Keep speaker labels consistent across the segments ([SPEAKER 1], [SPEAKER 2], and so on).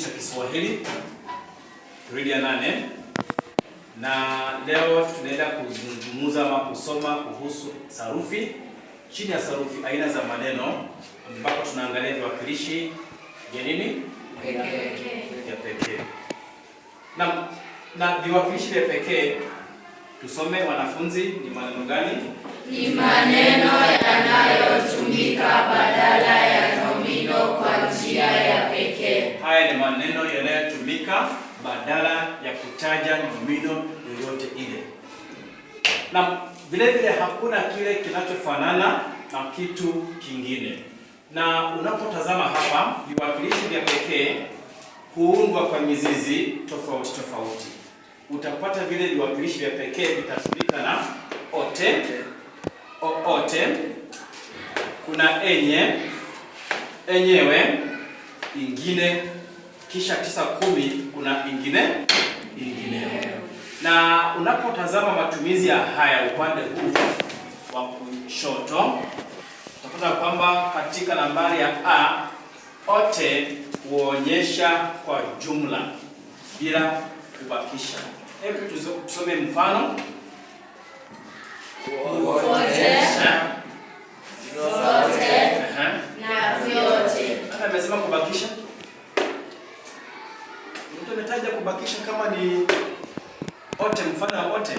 [SPEAKER 1] cha Kiswahili gredi ya nane, na leo tunaenda kuzungumza ama kusoma kuhusu sarufi. Chini ya sarufi, aina za maneno, ambapo tunaangalia viwakilishi vya nini
[SPEAKER 2] vya
[SPEAKER 1] pekee na na viwakilishi vya pekee. Tusome wanafunzi, ni maneno gani?
[SPEAKER 2] Ni maneno yanayotumika baada
[SPEAKER 1] maneno yanayotumika badala ya kutaja nomino yoyote ile, na vile vile hakuna kile kinachofanana na kitu kingine. Na unapotazama hapa, viwakilishi vya pekee huundwa kwa mizizi tofauti tofauti. Utapata vile viwakilishi vya pekee vitatumika na ote, oote, kuna enye, enyewe, ingine kisha tisa kumi kuna ingine ingineo. Na unapotazama matumizi ya haya upande huu wa kushoto, utapata kwamba katika nambari ya a ote huonyesha kwa jumla bila kubakisha. Hebu tusome mfano
[SPEAKER 2] kuotesha
[SPEAKER 1] ukitaja kubakisha kama ni wote, mfano wa wote,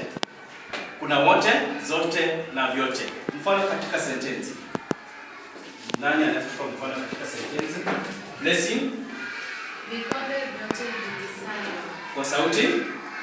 [SPEAKER 1] kuna wote, zote na vyote. Mfano katika sentensi, nani anachukua mfano katika sentensi? Blessing,
[SPEAKER 2] vikombe vyote vilisanywa. Kwa sauti,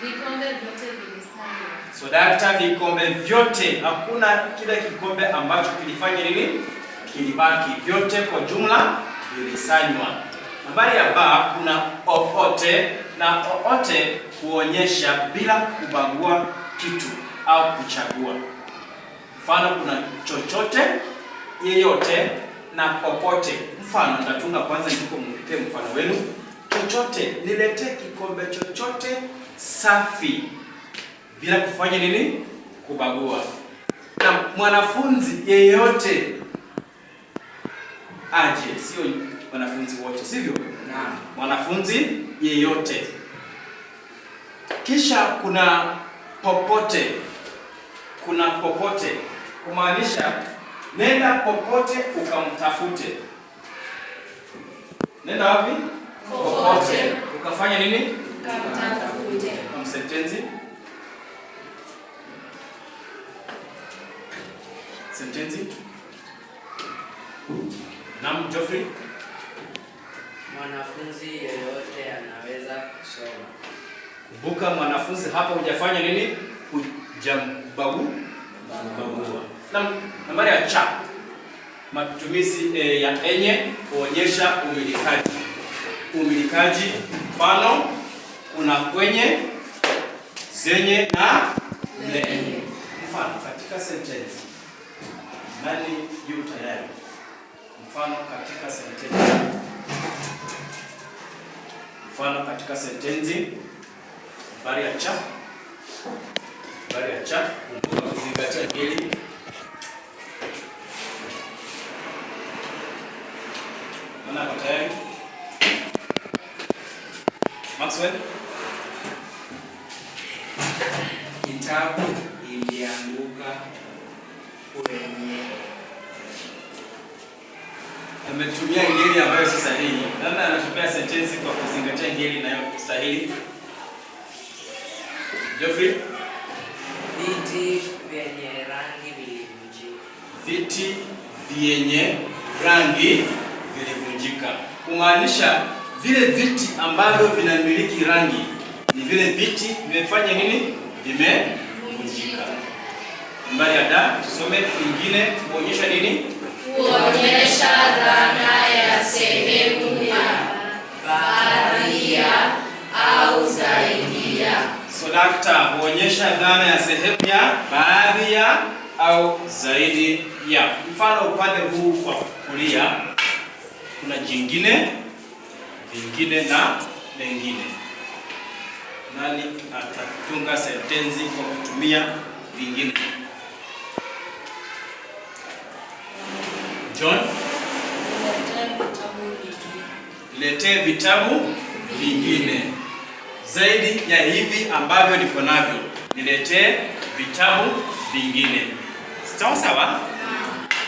[SPEAKER 2] vikombe vyote vilisanywa.
[SPEAKER 1] So dakta, vikombe vyote, hakuna kile kikombe ambacho kilifanya nini, kilibaki. Vyote kwa jumla vilisanywa. Nambari ya ba kuna oote na oote huonyesha bila kubagua kitu au kuchagua. Mfano, kuna chochote, yeyote na popote. Mfano, nitatunga kwanza ndipo mlete mfano wenu. Chochote, niletee kikombe chochote safi, bila kufanya nini? Kubagua. Na mwanafunzi yeyote aje, sio wanafunzi wote, sivyo? Naam, mwanafunzi yeyote. Kisha kuna popote, kuna popote kumaanisha nenda popote ukamtafute. Nenda wapi?
[SPEAKER 2] Popote
[SPEAKER 1] ukafanya nini?
[SPEAKER 2] Ukamtafute.
[SPEAKER 1] Sentensi sentensi Naam, Geoffrey.
[SPEAKER 3] Mwanafunzi yeyote anaweza kusoma.
[SPEAKER 1] Kumbuka mwanafunzi hapa hujafanya nini? Hujambagua. Naam, nambari ya cha. Matumizi e, ya enye kuonyesha umilikaji. Umilikaji mfano kuna kwenye, zenye na lenye. Mfano katika sentence. Nani yu tayari? Mfano katika sentensi, mfano katika sentensi, habari ya cha, habari ya cha, kumbuka kuzingatia kwa tayari Maxwell,
[SPEAKER 4] kitabu ilianguka kwenye
[SPEAKER 1] ametumia ngeli ambayo si sahihi, labda anatupea sentensi kwa kuzingatia ngeli sahihi. Geoffrey,
[SPEAKER 5] viti vyenye rangi vilivunjika.
[SPEAKER 1] Viti vyenye rangi vilivunjika, kumaanisha vile viti ambavyo vinamiliki rangi ni vile viti vimefanya nini? Vimevunjika. Mbali ya da, tusome kingine kuonyesha nini?
[SPEAKER 2] Kuonyesha
[SPEAKER 1] upande huu kwa kulia kuna jingine, vingine na mengine. Nani atatunga sentensi kwa kutumia vingine? John, letee vitabu vingine zaidi ya hivi ambavyo niko navyo, niletee vitabu vingine. Sawa sawa.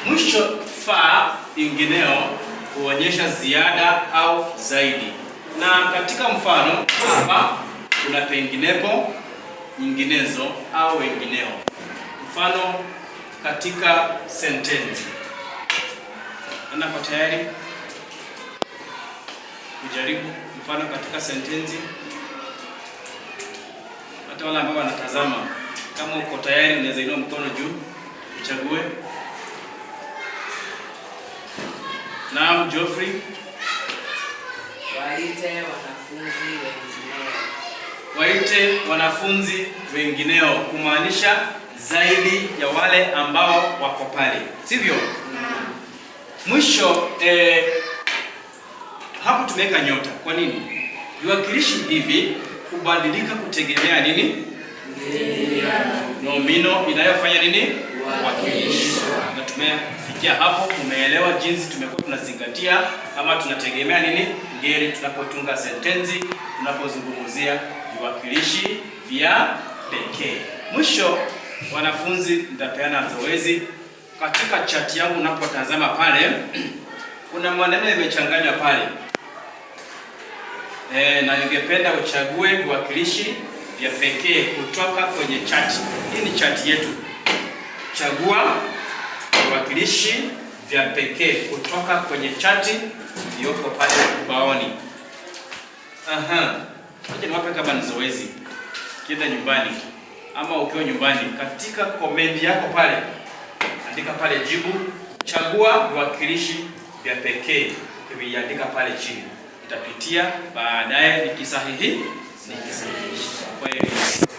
[SPEAKER 1] Mwisho faa ingineo huonyesha ziada au zaidi, na katika mfano hapa kuna penginepo, nyinginezo au wengineo. Mfano katika sentensi, nako tayari kujaribu mfano katika sentensi. Hata wale ambao wanatazama, kama uko tayari, unaweza inua mkono juu uchague. Naam, Geoffrey.
[SPEAKER 6] Waite wanafunzi wengineo.
[SPEAKER 1] Waite wanafunzi wengineo kumaanisha zaidi ya wale ambao wako pale, sivyo? Mwisho eh, hapo tumeweka nyota. Kwa nini? Viwakilishi hivi kubadilika kutegemea nini? Nomino inayofanya nini?
[SPEAKER 2] kuwakilishwa.
[SPEAKER 1] Na tumefikia hapo, umeelewa jinsi tumekuwa tunazingatia ama tunategemea nini ngeli tunapotunga sentensi, tunapozungumzia viwakilishi vya pekee. Mwisho wanafunzi, nitapeana zoezi katika chati yangu. Unapotazama pale kuna maneno yamechanganywa pale e, na ningependa uchague viwakilishi vya pekee kutoka kwenye chati. Hii ni chati yetu. Chagua viwakilishi vya pekee kutoka kwenye chati iliyoko pale ubaoni. Aha. Acha niwape kama ni zoezi. Kienda nyumbani ama ukiwa nyumbani, katika komedi yako pale andika pale jibu, chagua viwakilishi vya pekee, kiviandika pale chini, Itapitia baadaye nikisahihi
[SPEAKER 2] nikisahihisha.